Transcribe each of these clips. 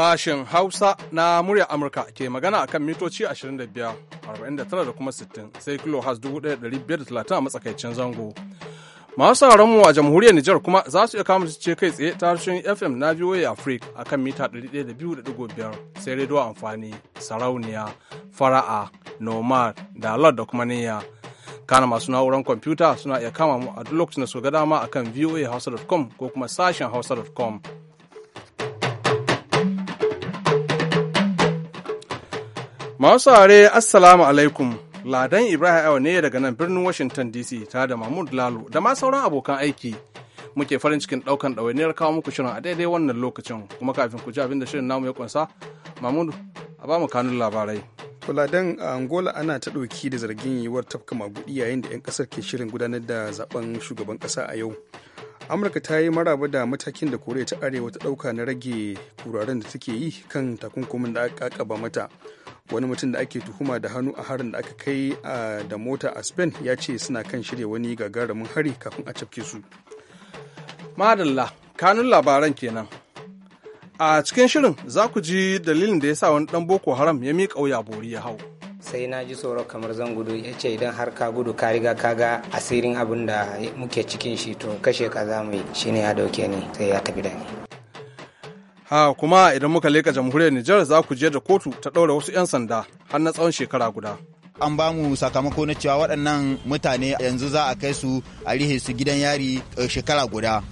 Sashen Hausa na murya Amurka ke magana a kan mitoci 25,49 da kuma 60 sai kilo has 1530 a matsakaicin zango. Masu mu a jamhuriyar Nijar kuma za su iya kama ce kai tsaye ta harshen FM na VOA Africa a kan mita 102.5 sai rediyo amfani, sarauniya, fara'a, nomad, da lord da kuma niyya. Kana masu na'urar kwamfuta suna iya kama mu a duk lokacin da su ga dama a kan voahausa.com ko kuma sashen hausa.com. Masu are Assalamu alaikum. Ladan Ibrahim Awa ne daga nan birnin Washington DC tare da Mahmud lalu da ma sauran abokan aiki. Muke farin cikin ɗaukan ɗawainiyar kawo muku shirin a daidai wannan lokacin kuma kafin ku ji abin da shirin namu ya kunsa, Mahmud a ba mu kanun labarai. Ladan a Angola ana ta ɗauki da zargin yiwuwar tafka maguɗi yayin da 'yan ƙasar ke shirin gudanar da zaben shugaban ƙasa a yau. amurka ta yi maraba da matakin da koriya ta arewa ta dauka na rage kuraren da take yi kan takunkumin da aka kaba mata wani mutum da ake tuhuma da hannu a harin da aka kai da mota a spain ya ce suna kan shirya wani gagarumin hari kafin a cafke su madalla kanun labaran kenan a cikin shirin za ku ji dalilin da ya sa wani dan boko haram ya miƙa wuya bori ya hau sai na ji tsoro kamar zan gudu ya ce idan har ka gudu ka riga ka ga asirin abin da muke cikin shi to kashe ka za mu yi shine ya dauke ni sai ya tafi da ni ha kuma idan muka leka jamhuriyar Nijar za ku je da kotu ta ɗaura wasu 'yan sanda har na tsawon shekara guda an ba mu sakamako na cewa waɗannan mutane yanzu za a kai su a rihe su gidan yari eh, shekara guda.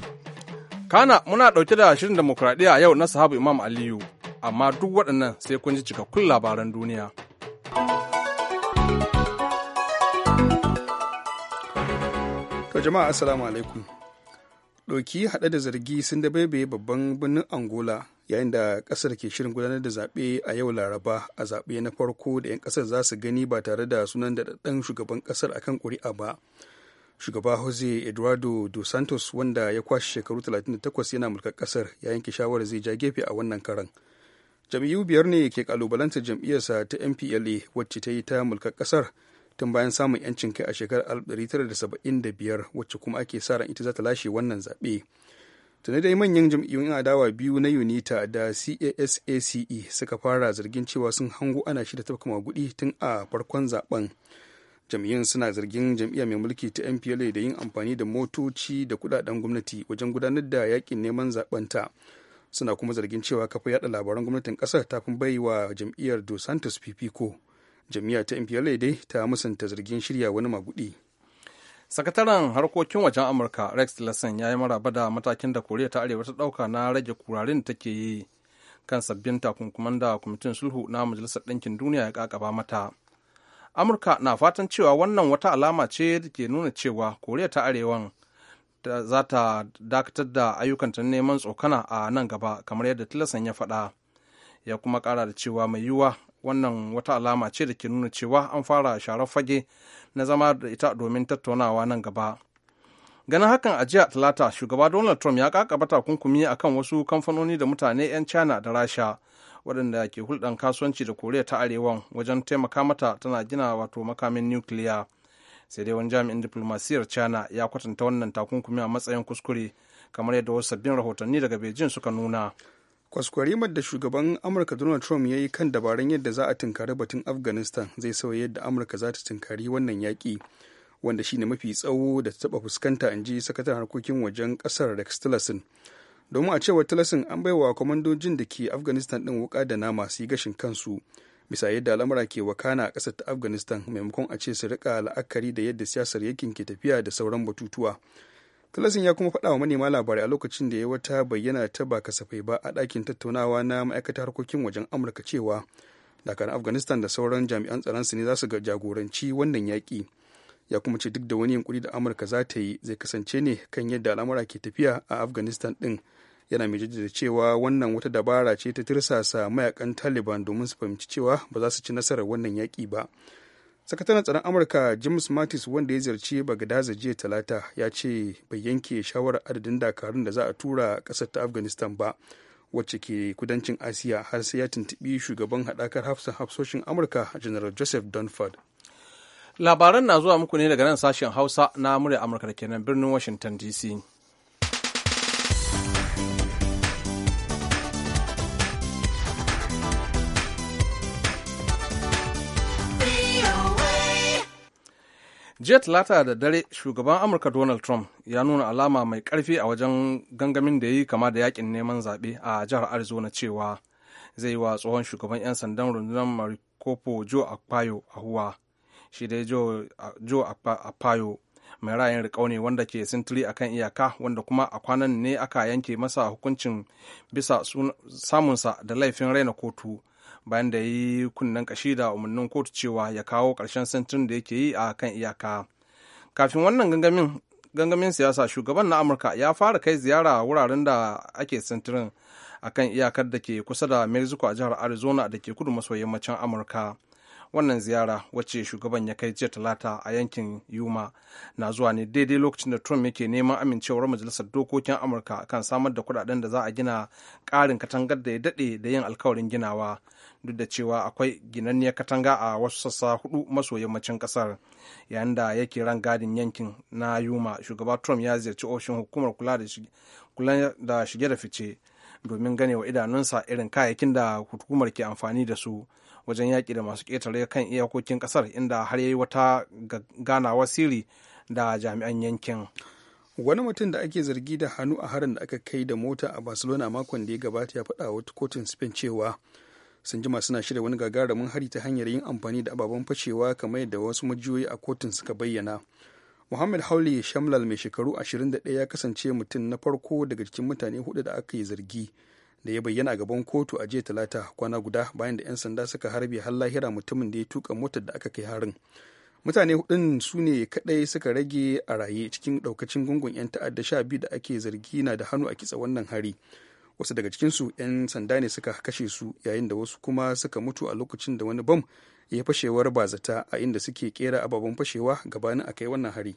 Kana muna ɗauke da shirin demokuraɗiyya yau na sahabu Imam Aliyu, amma duk waɗannan sai kun ji cikakkun labaran duniya. To jama'a assalamu alaikum. Doki haɗe da zargi sun dabaibaye babban birnin Angola yayin da ƙasar ke shirin gudanar da zaɓe a yau Laraba a zaɓe na farko da 'yan ƙasar za su gani ba tare da sunan da ɗan shugaban ƙasar akan ƙuri'a ba. shugaba jose eduardo dos santos wanda ya kwashe shekaru 38 yana mulkar kasar ya yanke shawarar zai ja gefe a wannan karan jam'iyyu biyar ne ke kalubalantar jam'iyyarsa ta mpla wacce ta yi ta mulkar ƙasar. tun bayan samun 'yancin kai a shekarar 1975 wacce kuma ake sa ran ita za ta lashe wannan zaɓe. tuni dai manyan jam'iyyun adawa biyu na unita da casace suka fara zargin cewa sun hango ana shida ta kuma gudi tun a farkon zaben jam'iyyun suna zargin jam'iyya mai mulki ta mpla da yin amfani da motoci da kudaden gwamnati wajen gudanar da yakin neman zaben ta suna kuma zargin cewa kafa yada labaran gwamnatin kasar ta fi bai wa jam'iyyar dos santos fifiko jami'a ta mpl dai ta musanta zargin shirya wani magudi sakataren harkokin wajen amurka rex tillerson ya yi maraba da matakin da koriya ta arewa ta dauka na rage kurarin da ke yi kan sabbin takunkuman da kwamitin sulhu na majalisar ɗinkin duniya ya kakaba mata amurka na fatan cewa wannan wata alama ce da ke nuna cewa koriya ta arewan za ta dakatar da ayyukanta neman tsokana a nan gaba kamar yadda tilasan ya faɗa ya kuma ƙara da cewa mai yiwuwa wannan wata alama ce da ke nuna cewa an fara sharar fage na zama da ita domin tattaunawa nan gaba ganin hakan a jiya talata shugaba donald trump ya kakaba takunkumi kan wasu kamfanoni da mutane 'yan china da rasha waɗanda ke hulɗan kasuwanci da koriya ta arewa wajen taimaka mata tana gina wato makamin nukiliya sai dai wani jami'in diplomasiyar china ya kwatanta wannan takunkumi a matsayin kuskure kamar yadda wasu sabbin rahotanni daga beijing suka nuna kwaskwarimar da shugaban amurka donald trump ya yi kan dabaran yadda za a tunkari batun afghanistan zai sauya yadda amurka za ta tunkari wannan yaƙi wanda shine mafi tsawo da ta taɓa fuskanta in ji sakataren harkokin wajen ƙasar rex tillerson domin a cewa tillerson an bai wa kwamandojin da ke afghanistan ɗin wuƙa da nama su yi gashin kansu bisa yadda al'amura ke wakana a ƙasar ta afghanistan maimakon a ce su rika la'akari da yadda siyasar yakin ke tafiya da sauran batutuwa tillerson ya kuma faɗa wa manema labarai a lokacin da ya wata bayyana ta ba kasafai ba a ɗakin tattaunawa na ma'aikatar harkokin wajen amurka cewa dakarun afghanistan da sauran jami'an tsaron su ne za su jagoranci wannan yaƙi ya kuma ce duk da wani yunkuri da amurka za ta yi zai kasance ne kan yadda al'amura ke tafiya a afghanistan ɗin yana mai jaddada cewa wannan wata dabara ce ta tirsasa mayakan taliban domin su fahimci cewa ba za su ci nasarar wannan yaƙi ba sakataren tsaron amurka james mattis wanda ya ziyarci bagadaza jiya talata ya ce bai yanke shawarar adadin dakarun da za a tura kasar ta afghanistan ba wacce ke kudancin asiya har sai ya tuntubi shugaban haɗakar hafsan hafsoshin amurka general joseph dunford labaran na zuwa muku ne daga nan sashen hausa na murya amurka da kenan birnin washington dc jiya talata da dare shugaban amurka donald trump ya nuna alama mai karfi a wajen gangamin da ya yi kama da yakin neman zaɓe a jihar arizona cewa zai yi wa tsohon shugaban 'yan sandan rundunar maricopo joe akpayo a huwa shi dai joe akpayo mai ra'ayin riƙau wanda ke sintiri a kan iyaka wanda kuma a kwanan ne aka yanke masa hukuncin bisa samunsa da laifin raina kotu bayan da yi kunnen kashi da umarnin kotu cewa ya kawo ƙarshen sintirin da yake yi a kan iyaka kafin wannan gangamin siyasa shugaban na amurka ya fara kai ziyara wuraren da ake sintirin a kan iyakar da ke kusa da mexico a jihar arizona da ke kudu maso yammacin amurka wannan ziyara wacce shugaban ya kai jiya talata a yankin yuma na zuwa ne daidai lokacin da trump yake neman amincewar majalisar dokokin amurka kan samar da kudaden da za a gina karin katangar da ya daɗe da yin alkawarin ginawa duk da cewa akwai ginanniyar katanga a wasu sassa hudu maso yammacin kasar yayin da yake ran gadin yankin na yuma shugaba trump ya ziyarci ofishin hukumar kula da shige da fice domin ganewa idanunsa irin kayayyakin da hukumar ke amfani da su wajen yaƙi da masu ƙetare kan iyakokin ƙasar inda har yi wata ganawar sirri da jami'an yankin wani mutum da ake zargi da hannu a harin da aka kai da mota a barcelona makon da ya gabata ya faɗa wata kotun spain cewa sun jima suna shirya wani gagarumin hari ta hanyar yin amfani da ababen fashewa kamar yadda wasu majiyoyi a kotun suka bayyana muhammad hauli shamlal mai shekaru 21 ya kasance mutum na farko daga cikin mutane hudu da aka yi zargi da ya bayyana gaban kotu a jiya talata kwana guda bayan da 'yan sanda suka harbe har lahira mutumin da ya tuka motar da aka kai harin mutane hudun su ne kadai suka rage a raye cikin daukacin gungun 'yan ta'adda sha biyu da ake zargi na da hannu a kitsa wannan hari wasu daga cikinsu 'yan sanda ne suka kashe su yayin da wasu kuma suka mutu a lokacin da wani bam ya fashewar bazata a inda suke kera ababen fashewa gabanin a kai wannan hari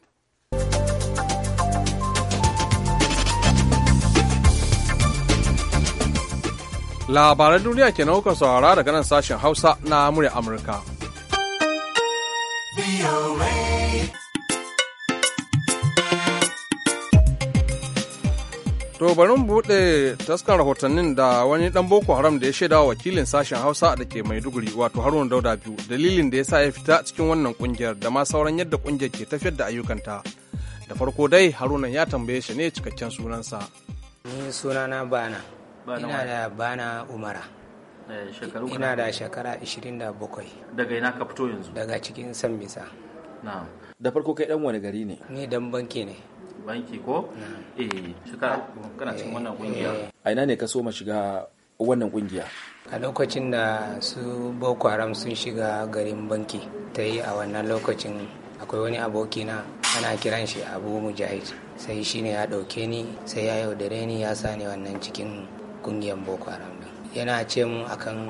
labaran duniya ke kuka saurara daga nan sashen hausa na murya amurka To buɗe taskan rahotannin da wani ɗan Boko Haram da ya shaida wa wakilin sashen Hausa da ke Maiduguri wato Haruna Dauda biyu dalilin da ya sa ya fita cikin wannan ƙungiyar da ma sauran yadda ƙungiyar ke tafiyar da ayyukanta. Da farko dai Haruna ya tambaye shi ne cikakken sunansa. Ni sunana Bana. ina da bana umara eh, ina da shekara 27 daga ina ka fito yanzu daga cikin san misa da farko kai dan wani gari ne ni dan banki ne banki ko eh shekara kana cikin wannan kungiya eh, eh. a ina ne ka so ma shiga wannan kungiya a lokacin da su boko haram sun shiga garin banki ta yi a wannan lokacin akwai wani abokina ana kiran shi abu mujahid sai shi ne ya ɗauke ni sai ya yaudare ni ya sa ni wannan cikin kungiyar boko haram din yana ce mu akan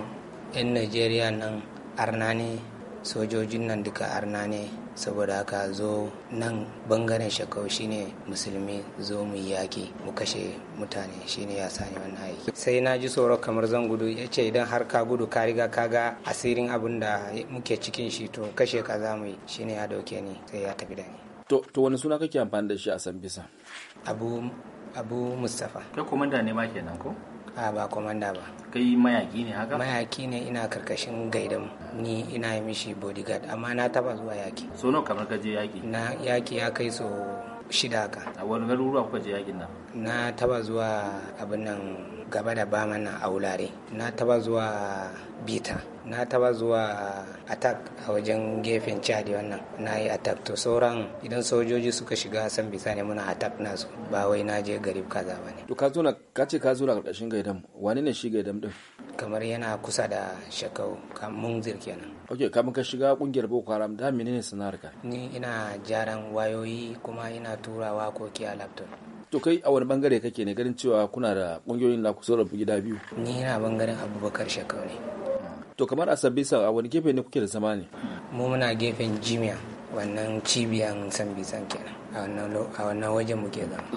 'yan najeriya nan arna ne sojojin nan duka arna ne saboda haka zo nan bangaren shakau shine musulmi zo mu yaki mu kashe mutane shine ya sani wannan aiki sai na ji tsoro kamar zan gudu ya ce idan har ka gudu ka riga ka ga asirin abin da muke cikin shi to kashe ka za mu yi shine ya dauke ni sai ya tafi da ni to wani suna kake amfani da shi a san bisa abu abu mustapha kai komanda ne ma kenan ko a ba komanda ba kai mayaki ne haka mayaki ne ina karkashin gaidan ni ina yi mishi bodyguard amma na taba zuwa yaki so nawa kamar ka je yaki na yaki ya kai so shida ka a wani garuruwa kuka je yakin nan na taba zuwa abin nan gaba da bama na a wulare na taba zuwa bita na taba zuwa attack a wajen gefen chadi wannan na yi attack to sauran idan sojoji suka shiga san bisa ne muna attack nasu ba wai na je garib kaza ba ne to ka zo ka ce ka zo na karkashin gaidam wani ne shi gaidam din kamar yana kusa da shakau mun zir kenan ok kamun ka shiga kungiyar boko haram da menene sana'ar ni ina jaran wayoyi kuma ina turawa koki a laptop to kai a wani bangare kake ne ganin cewa kuna da kungiyoyin na kusa gida biyu ni na bangaren abubakar shekau ne to kamar a sambisa a wani gefe ne kuke da zama ne mu muna gefen jimiya wannan cibiyan sambisan kenan a wannan wajen muke zama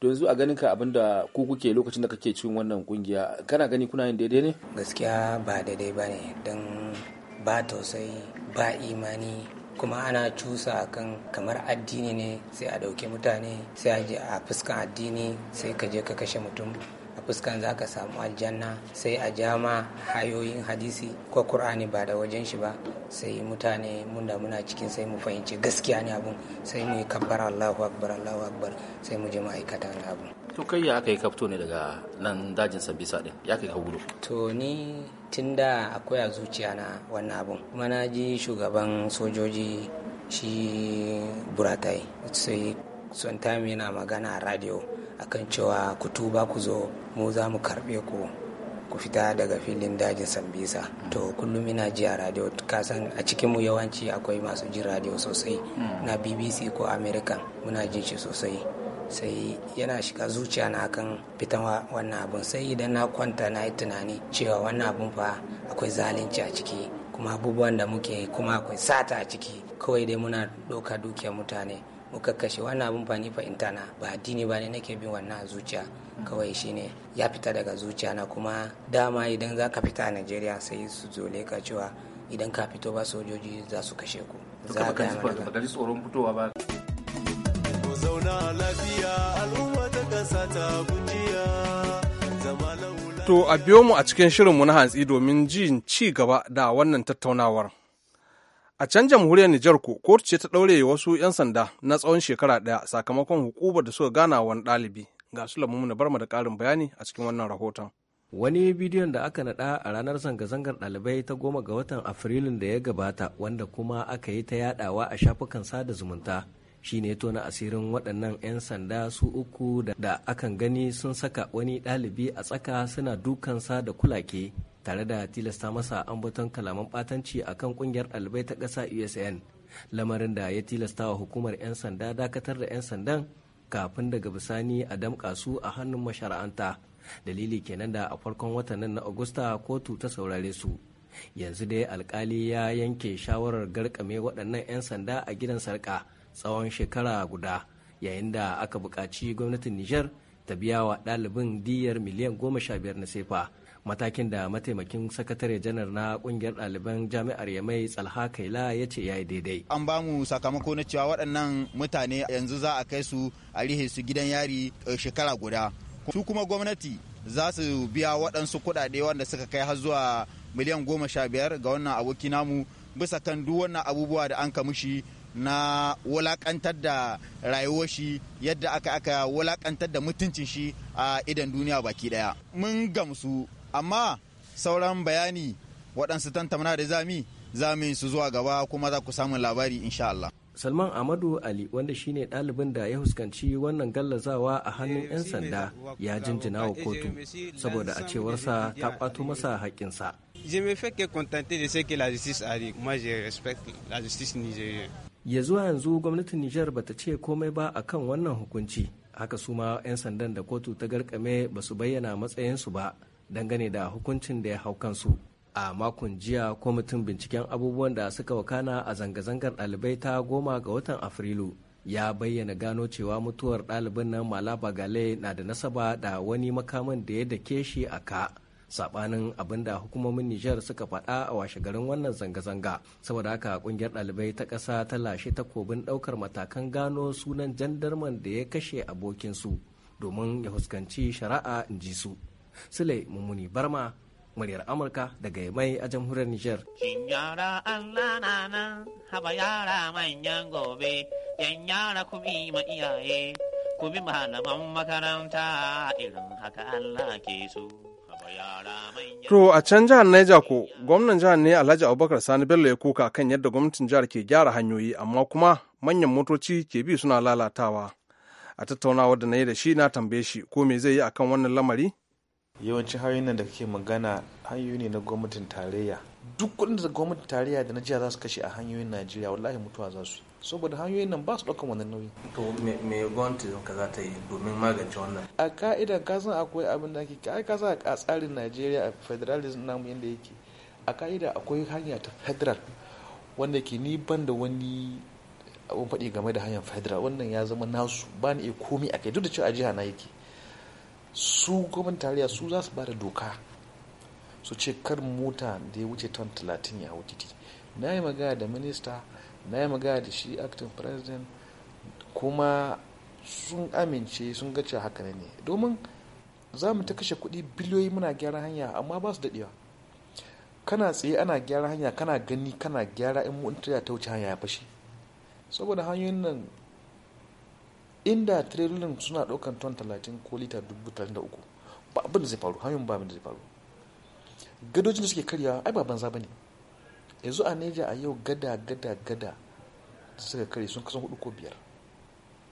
to yanzu a ganin ka abinda ku kuke lokacin da kake cikin wannan kungiya kana gani kuna yin daidai ne gaskiya ba daidai ba ne don ba tausayi ba imani kuma ana cusa akan kamar addini ne sai a ɗauki mutane sai a je a fuskan addini sai ka je ka kashe mutum a fuskan za ka samu aljanna sai a jama hayoyin hadisi ko kur'ani ba da wajen shi ba sai mutane mun muna cikin sai mu fahimci gaskiya ne abun sai mu yi kabbar allahu akbar allahu akbar sai mu je ma'aikata na abun to kai ya aka yi kafto ne daga nan dajin sambisa din ya kai hagu to ni tun da akwai a zuciya na wannan abun kuma na ji shugaban sojoji shi buratai sai son time yana magana a radio akan cewa ku tuba ku zo mu za mu karbe ku ku fita daga filin dajin sambisa to kullum ina ji a radio kasan a cikinmu yawanci akwai masu ji radio sosai hmm. na bbc ko american muna jin shi sosai sai yana shiga zuciya na kan fitan wannan abun sai idan na kwanta na yi tunani cewa wannan abun fa akwai zalunci a ciki kuma abubuwan da muke kuma akwai sata a ciki kawai dai muna ɗauka dukiyar mutane muka kashe wannan abun fa ni fahimta na ba addini ba ne nake bin wannan zuciya kawai shine ya fita daga zuciya na kuma dama idan za ka fita a najeriya sai su zole ka cewa idan ka fito ba sojoji za su kashe ku za ka tsoron fitowa ba To a biyo mu a cikin shirinmu na hantsi domin jin ci gaba da wannan tattaunawar. A can jamhuriyar Nijar ko kotu ce ta ɗaure wasu 'yan sanda na tsawon shekara ɗaya sakamakon hukumar da suka gana wani ɗalibi. Ga su lamu bar mu da ƙarin bayani a cikin wannan rahoton. Wani bidiyon da aka naɗa a ranar zanga-zangar ɗalibai ta goma ga watan Afrilun da ya gabata wanda kuma aka yi ta yaɗawa a shafukan sada zumunta shi ne tona asirin waɗannan 'yan sanda su uku da akan gani sun saka wani ɗalibi a tsaka suna dukansa da kulake tare da tilasta masa ambaton kalaman ɓatanci a kan ƙungiyar ɗalibai ta ƙasa usn lamarin da ya tilasta wa hukumar 'yan sanda dakatar da 'yan sandan kafin daga bisani a damƙa su a hannun mashara'anta dalili kenan da a farkon watan nan na agusta kotu ta saurare su yanzu dai alkali ya yanke shawarar garkame waɗannan 'yan sanda a gidan sarka tsawon shekara guda yayin da aka buƙaci gwamnatin Nijar ta biya wa ɗalibin diyar miliyan goma sha biyar na sefa matakin da mataimakin sakatare janar na kungiyar ɗaliban jami'ar ya mai tsalha kaila ya ce ya yi daidai an ba mu sakamako na cewa waɗannan mutane yanzu za a kai su a rihe su gidan yari eh, shekara guda su kuma gwamnati za su biya waɗansu kuɗaɗe wanda suka kai har zuwa miliyan goma sha biyar ga wannan aboki namu bisa kan duk wannan abubuwa da an kamushi na wulakantar da rayuwar shi yadda aka aka wulakantar da mutuncin shi a idan duniya baki daya mun gamsu amma sauran bayani waɗansu tantamana da zami zami su zuwa gaba kuma za ku samun labari insha Allah Salman ahmadu Ali wanda shine ɗalibin da ya huskanci wannan gallazawa a hannun eh, 'yan sanda ya jinjina wa kotu saboda a cewarsa ta kwato masa haƙƙinsa. Je me fait que contenter de ce que la justice a dit. Moi je respecte la justice nigérienne. ya zuwa yanzu gwamnatin nijar ba ta ce komai ba akan wannan hukunci haka su ma 'yan sandan da kotu ta garkame ba su bayyana matsayinsu ba dangane da hukuncin da ya hau kansu a makon jiya kwamitin binciken abubuwan da suka wakana a zanga-zangar ɗalibai ta goma ga watan afrilu ya bayyana gano cewa mutuwar ɗalibin nan malaba gale na da nasaba da wani makamin da ya dake shi a ka sabanin abin da hukumomin Nijar suka faɗa a washe garin wannan zanga-zanga saboda haka kungiyar ɗalibai ta ƙasa ta lashe takobin ɗaukar matakan gano sunan jandarman da ya kashe abokinsu domin ya fuskanci shari'a in ji su. Sule Mummuni Barma muryar Amurka daga mai a jamhuriyar Nijar. Shin yara Allah na nan haba yara manyan gobe, yan yara ku bi ma iyaye, ku bi malaman makaranta irin haka Allah ke so. To a can jihar Niger ko gwamnan jihar ne Alhaji Abubakar Sani Bello ya kuka kan yadda gwamnatin jihar ke gyara hanyoyi amma kuma manyan motoci ke bi suna lalatawa. A tattaunawar da na yi da shi na tambaye shi ko me zai yi akan wannan lamari? Yawancin hanyoyin da kake magana hanyoyi ne na gwamnatin tarayya duk kudin da gwamnatin tarayya da na jiya za su kashe a hanyoyin najeriya wallahi mutuwa za su saboda hanyoyin nan ba su ɗaukan wannan nauyi to me gwamnati ka za ta yi domin magance wannan a ka'ida ka san akwai abin da ke kai ka san a tsarin najeriya a federalism namu yadda yake a ka'ida akwai hanya ta federal wanda ke ni ban da wani abun faɗi game da hanyar federal wannan ya zama nasu ba ni iya komi a kai duk da cewa a jiha na yake su gwamnatin tarayya su za su ba da doka su ce kar mota da ya wuce ton 30 ya hau titi na yi magana da minista na yi magana da shi acting president kuma sun amince sun gace haka ne domin za mu ta kashe kuɗi biliyoyi muna gyara hanya amma ba su daɗewa kana tsaye ana gyara hanya kana gani kana gyara in mutum ta wuce hanya ya fashe saboda hanyoyin nan inda tirelin suna ɗaukan ton 30 ko lita 33 ba abin da zai faru hanyoyin ba abin da zai faru gadojin da suke karyawa ai ba banza bane yanzu a neja a yau gada gada gada da suka kare sun kasan hudu ko biyar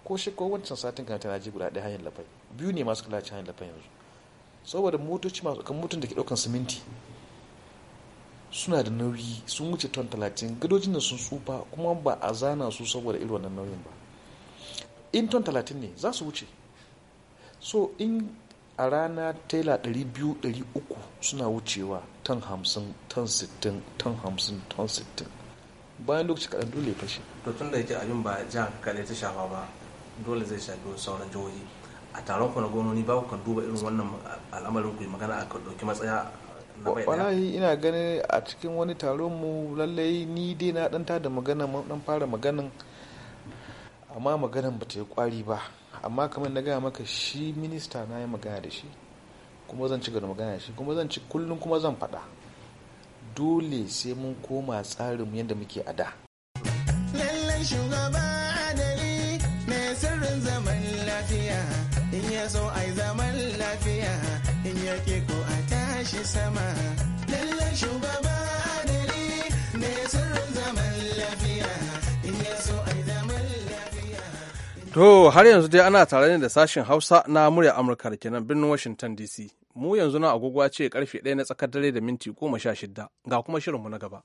ko shi ko wancan satin kana tana ji guda daya, hanyar lafai biyu ne masu kula hanyar lafai yanzu saboda motoci masu kan mutum da ke ɗaukan siminti suna da nauyi sun wuce ton talatin gadojin da sun tsufa kuma ba a zana su saboda irin wannan nauyin ba in ton talatin ne za su wuce so in a rana tela 200-300 suna wucewa tan 50 tan 60 tan 50 tan 60 bayan lokaci kaɗan dole ya fashe to tun da yake abin ba jihar kaɗai ta shafa ba dole zai shafi sauran jihohi a taron ku na gononi ba ku kan duba irin wannan al'amarin ku magana a kan ɗauki matsaya wallahi ina ganin a cikin wani taron mu lallai ni dai na ɗan da magana dan fara maganan amma maganan ba ta yi kwari ba amma kamar na gaya maka shi minista na yi magana da shi kuma zan ci gaba magana da shi kuma zan ci kullum kuma zan faɗa dole sai mun koma tsarin yadda muke a da lallai shugaba adali mai sirrin zaman lafiya in ya zo ai zaman lafiya in ya ko a tashi sama To har yanzu dai ana tare ne da sashen Hausa na murya Amurka da kenan birnin Washington DC. Mu yanzu na agogo ce karfe ɗaya na tsakar dare da minti goma sha shida ga kuma shirinmu na gaba.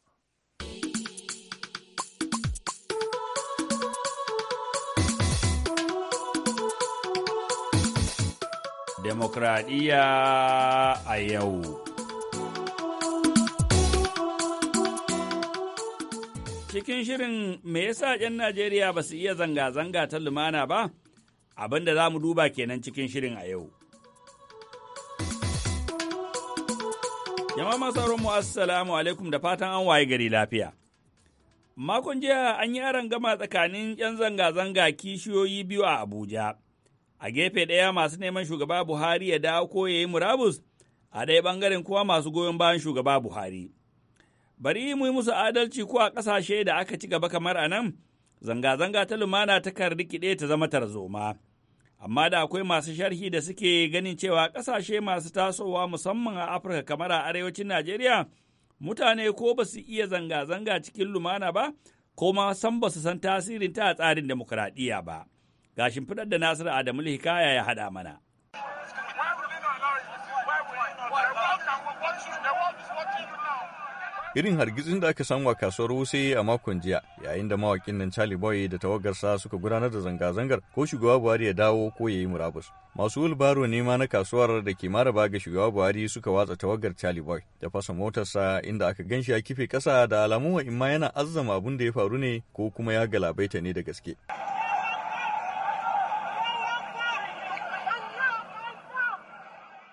Demokradiyya a yau. Cikin shirin me yasa 'yan Najeriya ba su iya zanga-zanga ta lumana ba? Abinda da za mu duba kenan cikin shirin a yau. Jama'a masu mu assalamu alaikum da fatan an waye gari lafiya. Makon jiya an yi gama tsakanin 'yan zanga-zanga kishiyoyi biyu a Abuja. A gefe ɗaya masu neman shugaba Buhari ya dawo ko ya yi murabus, a ɗaya ɓangaren kuwa masu goyon bayan shugaba Buhari. bari mu yi musu adalci ko a ƙasashe da aka ci gaba kamar a nan zanga-zanga ta lumana ta kan rikide ta zama tarzoma amma da akwai masu sharhi da suke ganin cewa ƙasashe masu tasowa musamman a afirka kamar a arewacin najeriya mutane ko ba su iya zanga-zanga cikin lumana ba ko ma san ba su san tasirin ta a tsarin demokuraɗiyya ba ga shimfiɗar da nasiru adamu hikaya ya haɗa mana irin hargitsin da aka samu a kasuwar wuse a makon jiya yayin da mawakin nan Charlie Boy da tawagarsa suka gudanar da zanga-zangar ko shugaba Buhari ya dawo ko ya yi murabus. Masu wulbaro ne ma na kasuwar da ke maraba ga shugaba Buhari suka watsa tawagar Charlie Boy da fasa motarsa inda aka ganshi ya kife kasa da alamu wa imma yana azzama abin da ya faru ne ko kuma ya galabaita ne da gaske.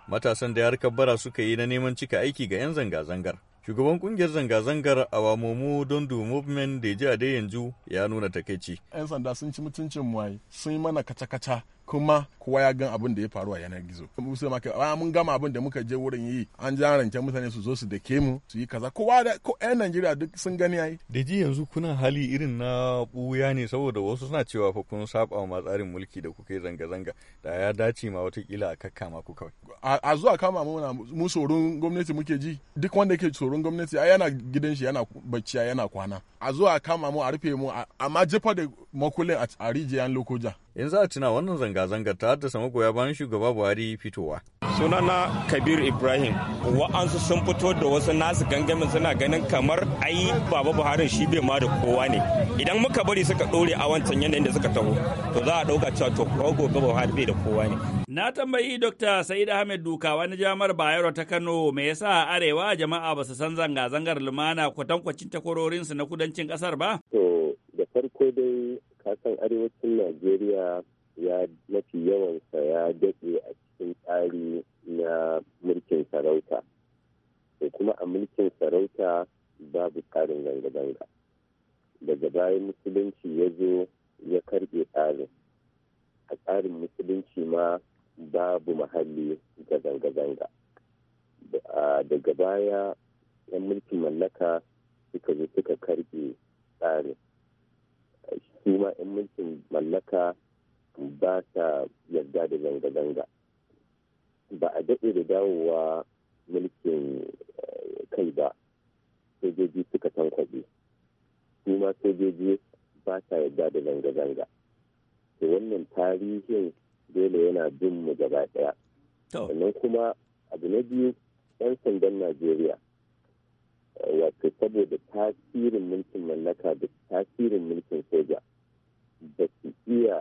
Matasan da ya bara suka yi na neman cika aiki ga 'yan zanga-zangar Shugaban kungiyar zanga-zangar Awamomu Dondo Movement da ya ji a dai yanzu ya nuna takaici. 'Yan sanda sun ci mutuncin mu sun yi mana kaca-kaca kuma kowa ya gan abin da ya faru a yanar gizo musu ma ah, mun gama abin da muka je wurin yi an ji rance mutane su zo su dake mu su yi kaza kowa da ko ƴan Najeriya duk sun gani yayi da ji yanzu kuna hali irin na buya ne saboda wasu suna cewa fa kun saba ma tsarin mulki da kuka yi zanga zanga da ya dace ma wata kila a kakkama ku kawai a zuwa kama mu mu tsoron gwamnati muke ji duk wanda yake tsoron gwamnati ai yana gidan shi yana bacciya yana kwana a zuwa kama mu a rufe mu amma jefa da makulin a rijiyar lokoja yanzu a tuna wannan zanga-zangar ta haddasa magoya bayan shugaba buhari fitowa sunana kabir ibrahim wa'ansu sun fito da wasu nasu gangamin suna ganin kamar ai baba buhari shi bai ma da kowa ne idan muka bari suka ɗore a wancan yanayin da suka taho to za a ɗauka cewa to ko gobe buhari bai da kowa ne na tambayi dr sa'id ahmed duka wani jami'ar bayero ta kano me yasa arewa jama'a basu san zanga-zangar lumana kwatankwacin takwarorinsu na kudancin kasar ba farko dai kasan arewacin najeriya ya mafi yawansa ya daɗe a cikin tsari na mulkin sarauta da kuma a mulkin sarauta babu tsarin zanga-zanga daga bayan musulunci ya zo ya karɓe tsarin a tsarin musulunci ma babu mahalli ga zanga-zanga daga baya 'yan mulkin mallaka suka zo suka karɓe tsarin su ma 'yan mulkin mallaka ba ta yarda da zanga-zanga ba a daɗe da dawowa mulkin eh, kai ba sojoji suka tankwaɗe su ma sojoji ba ta yarda da zanga-zanga to wannan tarihin dole yana bin mu gaba ɗaya sannan kuma abu na biyu 'yan sandan najeriya tasirin mulkin mallaka da tasirin mulkin soja da su iya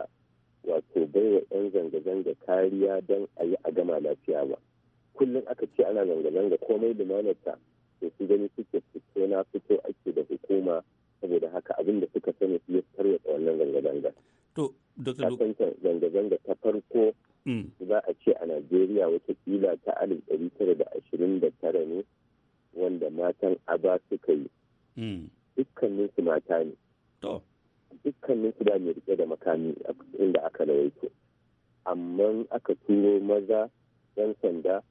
wato baiwa 'yan zanga-zanga kariya don a yi a gama lafiya ba kullum aka ce ana zanga-zanga komai da to su gani suke fito na fito ake da hukuma saboda haka abin da suka sani su ya tarwata wannan zanga-zanga. To, zanga-zanga ta farko mm. za a ce a Najeriya watakila ta alif ɗari tara da ashirin da tara ne wanda matan aba suka yi Hmm. dukkanin su mata ne dukkanin su da mai rike da makami inda aka rawaito amma aka turo maza yan sanda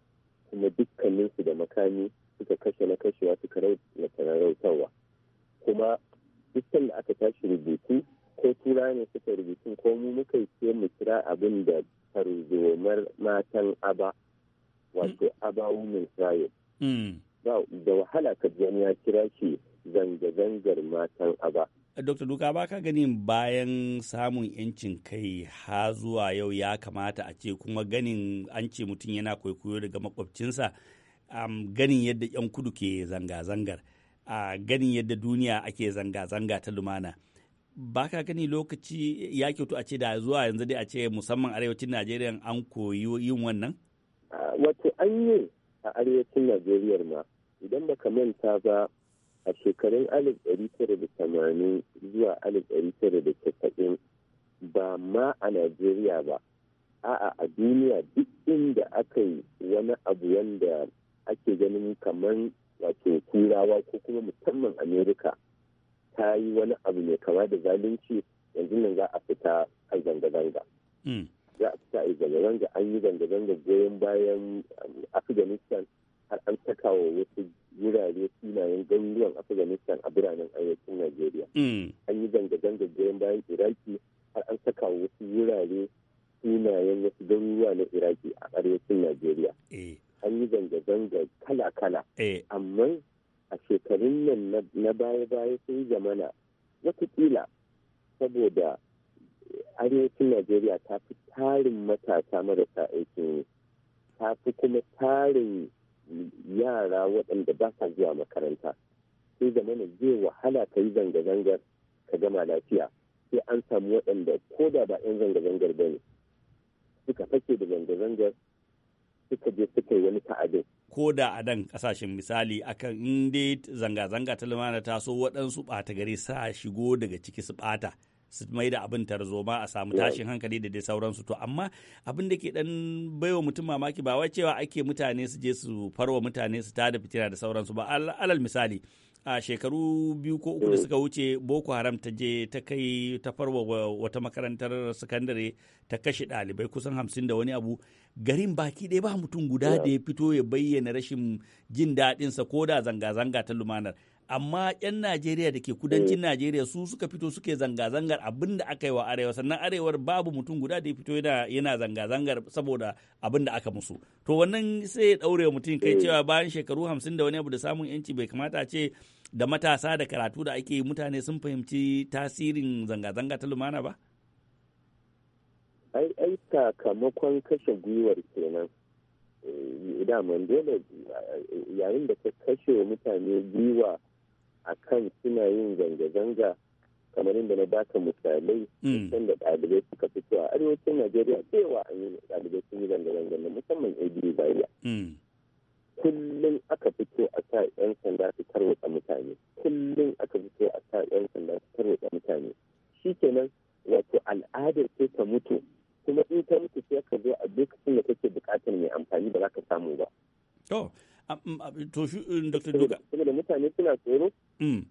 kuma dukkanin su da makami suka kashe na kashewa suka rautawa kuma dukkan da aka tashi rubutu ko tura ne suka rubutu ko mu muka yi mu kira abin da tarzomar matan aba wato aba women's riot hmm. da wahala ka ya kira shi zanga-zangar matan aba. Dr. Duka ba ka ganin bayan samun 'yancin kai ha zuwa yau ya kamata a ce kuma ganin an ce mutum yana kwaikwayo daga makwabcinsa ganin yadda 'yan kudu ke zanga-zangar a ganin yadda duniya ake zanga-zanga ta lumana. ba ka gani lokaci ya kyautu a ce da zuwa yanzu dai a ce musamman arewacin najeriya an koyi yin wannan wato an yi a arewacin najeriya ma idan baka manta ba a shekarun 1980 zuwa 1990 ba ma a najeriya ba a'a a duniya duk inda aka yi wani abu wanda ake ganin kamar wato turawa ko kuma musamman amerika ta yi wani abu mai kama da zalunci yanzu nan za a fita a zanga-zanga hmm. za a fita a zanga-zanga an yi zanga-zanga goyon bayan um, afghanistan har an saka wa wasu wurare sunayen garuruwan afghanistan a biranen arewacin najeriya mm. an yi zanga-zanga goyon bayan iraki har an saka wasu wurare sunayen wasu garuruwa na iraki a arewacin najeriya eh. an yi zanga-zanga kala-kala eh. amma a shekarun nan na baya-baya sun zamana watakila saboda arewacin najeriya ta fi tarin matasa marasa aikin ta fi kuma tarin yara waɗanda ba sa zuwa makaranta sai da mana zai wahala ka yi zanga-zangar ka gama lafiya sai an samu waɗanda ko da ba 'yan zanga-zangar ba ne suka fake da zanga-zangar suka je suka yi wani ta'adin. Ko da a dan kasashen misali akan in dai zanga-zanga ta lumana ta so waɗansu ɓata gari sa shigo daga ciki su ɓata su mai da abin tarzoma a samu tashin hankali da dai sauransu to amma abin da ke dan baiwa mutum mamaki ba wai cewa ake mutane su je su farwa mutane su ta da fitina da sauransu ba alal misali a shekaru biyu ko uku da mm. suka wuce boko haram ta je ta kai ta farwa wata makarantar sakandare ta kashe ɗalibai kusan hamsin da wani abu garin baki ɗaya ba mutum guda da ya fito ya bayyana rashin jin daɗinsa ko da zanga-zanga ta lumanar amma 'yan Najeriya da ke kudancin eh. Najeriya su suka fito suke zanga-zangar abin da aka yi wa arewa sannan arewar babu mutum guda da ya fito yana zanga-zangar saboda abin da aka musu to wannan sai ya daure mutum kai eh. cewa bayan shekaru hamsin da wani abu da samun yanci bai kamata ce da matasa da karatu da ake mutane sun fahimci tasirin zanga-zanga ta lumana ba ai ai sakamakon kashe gwiwar kenan eh, dole yayin da ka kashe mutane gwiwa akan suna yin zanga-zanga kamar inda na baka misalai hmm. kan da ɗalibai suka fito a arewacin najeriya cewa an yi ɗalibai sun yi zanga-zanga na musamman abu bariya hmm. kullum aka fito a sa 'yan sanda su tarwatsa mutane kullum aka fito a sa 'yan sanda su tarwatsa mutane shikenan wato al'adar sai ta mutu kuma in ta mutu sai ka zo a lokacin da kake bukatar mai amfani ba za ka samu ba. to shi eh, dr duka saboda mutane suna tsoro mm.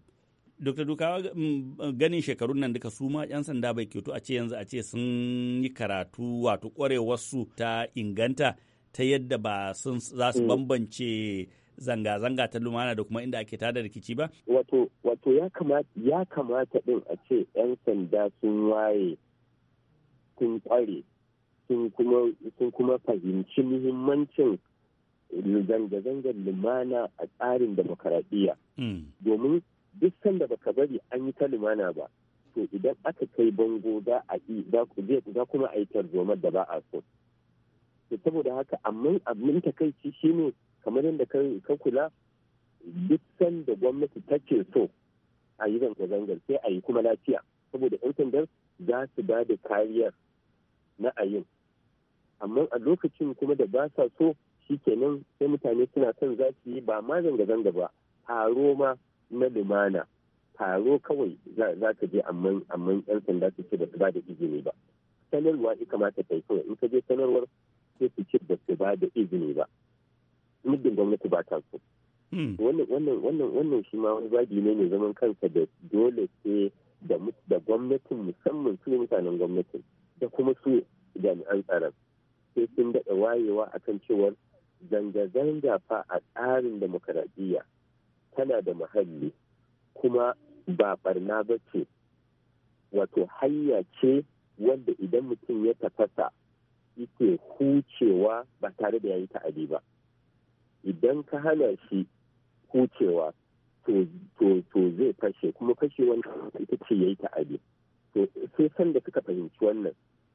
Dr. Dukawa mm, ganin shekarun nan duka su ma 'yan sanda bai kyautu a ce yanzu a ce sun yi karatu wato ƙwarewarsu ta inganta ta yadda ba sun za su mm. bambance zanga-zanga ta lumana da kuma inda ake tada rikici ba? Wato, ya kamata ya kamata din a ce 'yan sanda sun waye sun ƙware sun kuma fahimci muhimmancin zanga-zangar lumana a tsarin demokaradiyya hmm. domin duk sanda baka bari an yi ta lumana ba to idan aka kai bango za a yi za kuma a yi tarzomar da ba a so saboda haka amma abin takaici shine kamar yadda ka kula duk sanda gwamnati take so a yi zanga-zangar sai a yi kuma lafiya saboda 'yan sandar za su ba da kariyar na ayin amma a lokacin kuma da ba sa so shi kenan sai mutane suna son za su yi ba ma zanga-zanga ba taro ma na lumana taro kawai za ka je amman yan sanda su ce ba su ba da izini ba sanarwa ya kamata ta yi kawai in ka je sanarwar sai su ce ba su ba da izini ba muddin gwamnati ba ta so hmm. wannan shi ma wani zagi ne mai zaman kansa da dole sai da gwamnatin musamman su mutanen gwamnati da kuma su jami'an tsaron sai sun daɗa wayewa akan cewar zanga-zanga fa a tsarin demokaradiyya tana da muhalli kuma ba barna ba ce wato hanya ce wanda idan mutum ya tafasa yake hucewa ba tare da ya yi ta'adi ba idan ka hana shi hucewa to zai fashe kuma fashe wanda ita ce ya yi ta'adi to sai sanda suka fahimci wannan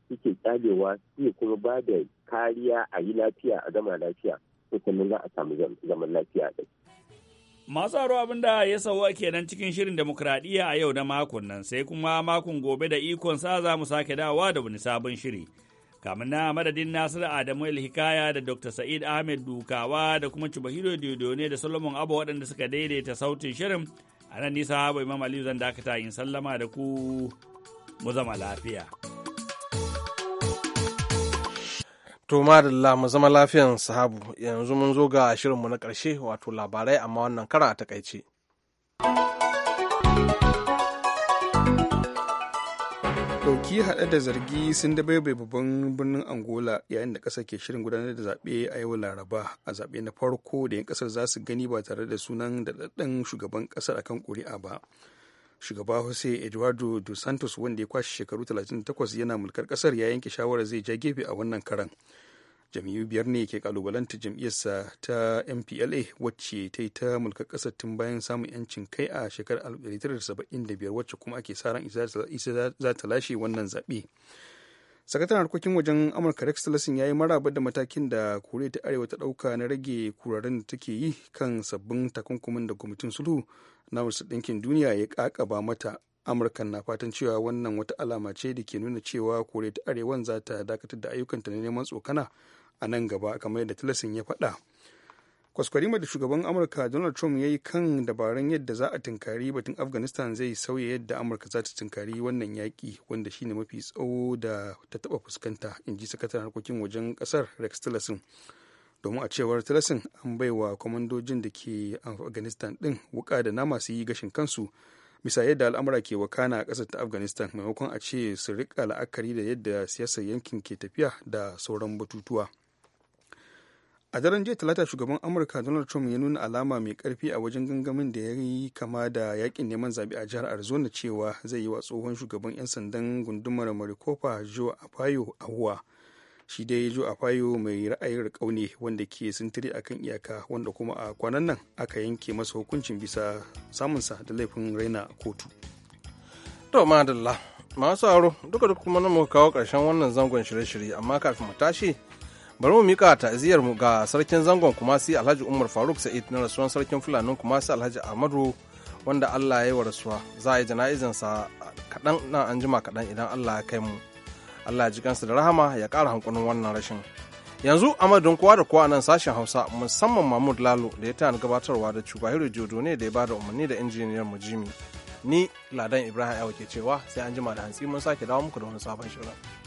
suke kyalewa suke kuma ba da kariya a yi lafiya a gama lafiya to kullum za a samu zaman lafiya su. Masu haro abin da ya sauwa kenan cikin shirin demokradiyya a yau na makon nan sai kuma makon gobe da ikon sa za mu sake dawowa da wani sabon shiri. Kamun na madadin Nasiru Adamu Hikaya da Dr. Sa'id Ahmed Dukawa da kuma Cibahiro ne da Solomon abu waɗanda suka daidaita sautin shirin a nan nisa Imam Aliyu zan dakata yin sallama da ku mu zama lafiya. To madalla mu zama lafiyan sahabu yanzu mun zo ga shirinmu na karshe wato labarai amma wannan kara a takaice. Dauki haɗe da zargi sun dabaibai babban birnin Angola yayin da kasar ke shirin gudanar da zaɓe a yau Laraba a zaɓe na farko da 'yan kasar za su gani ba tare da sunan daɗaɗɗen shugaban ƙasar akan ƙuri'a ba. shugaba jose eduardo dos santos wanda ya kwashe shekaru 38 yana mulkar kasar ya yanke shawarar zai ja gefe a wannan karan jam'iyyu biyar ne ke kalubalanta jam'iyyarsa ta mpla wacce ta yi ta mulkar ƙasar tun bayan samun yancin kai a shekarar 1975 wacce kuma ake sa ran isa za ta lashe wannan zaɓe sakataren harkokin wajen amurka rex tillerson ya yi maraba da matakin da koriya ta arewa ta ɗauka na rage kuraren da take yi kan sabbin takunkumin da kwamitin sulhu na wasu ɗinkin duniya ya ƙaƙaba mata amurkan na fatan cewa wannan wata alama ce da ke nuna cewa koriya ta arewan za ta dakatar da ayyukanta na neman tsokana a nan gaba kamar yadda tilasin ya faɗa kwaskwarima da shugaban amurka donald trump ya yi kan dabarun yadda za a tunkari batun afghanistan zai sauya yadda amurka za ta tunkari wannan yaƙi wanda shine mafi tsawo da ta taɓa fuskanta in ji sakataren harkokin wajen ƙasar rex tillerson domin a cewar tillerson an baiwa kwamandojin da ke afghanistan ɗin wuƙa da nama su yi gashin kansu bisa yadda al'amura ke wakana a ƙasar ta afghanistan maimakon a ce su riƙa la'akari da yadda siyasar yankin ke tafiya da sauran batutuwa a daren jiya talata shugaban amurka donald trump ya nuna alama mai karfi a wajen gangamin da ya yi kama da yakin neman zaɓe a jihar arizona cewa zai yi wa tsohon shugaban 'yan sandan gundumar maricopa joe apayo huwa shi dai joe apayo mai ra'ayin kauni wanda ke sintiri akan iyaka wanda kuma a kwanan nan aka yanke masa hukuncin bisa samunsa da laifin raina kotu masu aro duka duka kuma na kawo ƙarshen wannan zangon shirye-shirye amma kafin mu tashi bari mu mika ta'aziyar mu ga sarkin zangon kumasi alhaji umar faruk sa'id na rasuwan sarkin fulanin kumasi alhaji ahmadu wanda allah ya yi wa rasuwa za a yi sa kaɗan na an jima kaɗan idan allah ya kai mu allah ya ji kansa da rahama ya ƙara hankunin wannan rashin yanzu a madadin kowa da kowa nan sashen hausa musamman mahmud lalo da ya tana gabatarwa da cubahiru jodo ne da ya bada umarni da injiniyar mu jimi ni ladan ibrahim ya ke cewa sai an jima da hantsi mun sake dawo muku da wani sabon shirin